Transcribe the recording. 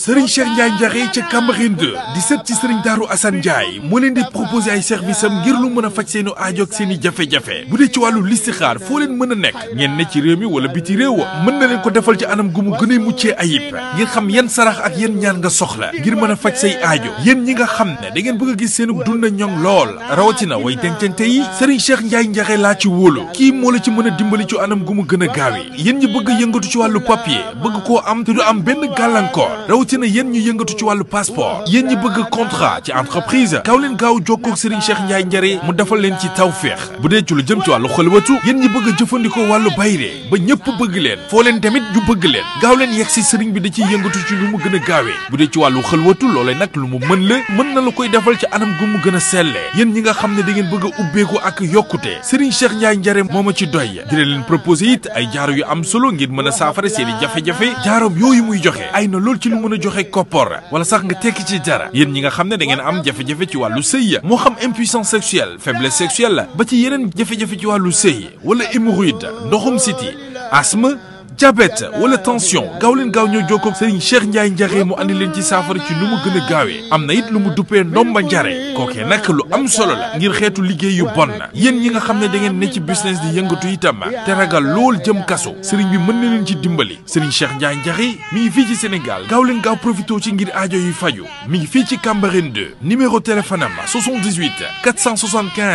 Serigne Cheikh Ndiaye Ndiakhé ca Camberène 2 di sët ci Serigne Darou Assane Ndiaye moo leen de proposer ay service am ngir lu mën a faj seeni aajo ak seeni jafe-jafe bu dee ci wàllu listixaar foo leen mën a nekk ngeen ne ci réew mi wala biti réew mën na leen ko defal ci anam gu mu gën a muccee ayib ngir xam yan sarax ak yan ñaan nga soxla ngir mën a faj say aajo yéen ñi nga xam ne da ngeen bëgg a gis seenu dund ñoŋ lool rawatina way dencante yi Serigne Cheikh Ndiaye Ndiakhé laa ci wóolu kii moo la ci mën a dimbali ci anam gu mu gën a gaawe yéen ñi bëgg yëngatu ci wàllu papier bëgg koo am te du am benn gàllankoor rawatina yéen ñu yëngatu ci wàllu passeport yéen ñi bëgg contrat ci entreprise kaw leen gaaw jokkoo ak Serigne Cheikh Ndiaye njare mu defal leen ci tawféex bu dee ci lu jëm ci wàllu xëlwatu yéen ñi bëgg a jëfandikoo wàllu bayre ba ñëpp bëgg leen foo leen tamit ñu bëgg leen gaaw leen yegg si Serigne bi da ciy yëngatu ci lu mu gën a gaawee bu dee ci wàllu xëlwatu loolee nag lu mu mën la mën na la koy defal ci anam gu mu gën a selle yéen ñi nga xam ne da ngeen bëgg a ak yokkute Serigne Cheikh Ndiaye njare moo ma ci doy dina leen proposé it ay jaaro yu am solo ngir mën saafara seen i jafe-jafe yooyu muy joxe ay joxe koppor wala sax nga tekki ci jara yéen ñi nga xam ne da ngeen am jafe-jafe ci wàllu sëy moo xam impuissance sexuelle faiblesse sexuelle ba ci yeneen jafe-jafe ci wàllu sëy wala hémorroïde ndoxum siti asthme diabète wala tension gaaw leen gaaw ñoo jokkoo ak Serigne Cheikh Ndiaye Ndiakhé mu andi leen ci saafara ci lu mu gën a gaawee am na it lu mu duppee ndomba njare kookee nag lu am solo la ngir xeetu liggéey yu bon na yéen ñi nga xam ne da ngeen ne ci business di yëngatu itam te ragal lool jëm kaso Serigne bi mën na leen ci dimbali Serigne Cheikh Ndiaye Ndiakhé mi ngi fii ci Sénégal gaaw leen gaaw profité ci ngir aajo yi faju mi ngi fii ci Cambérène 2 numéro téléphone am 78 475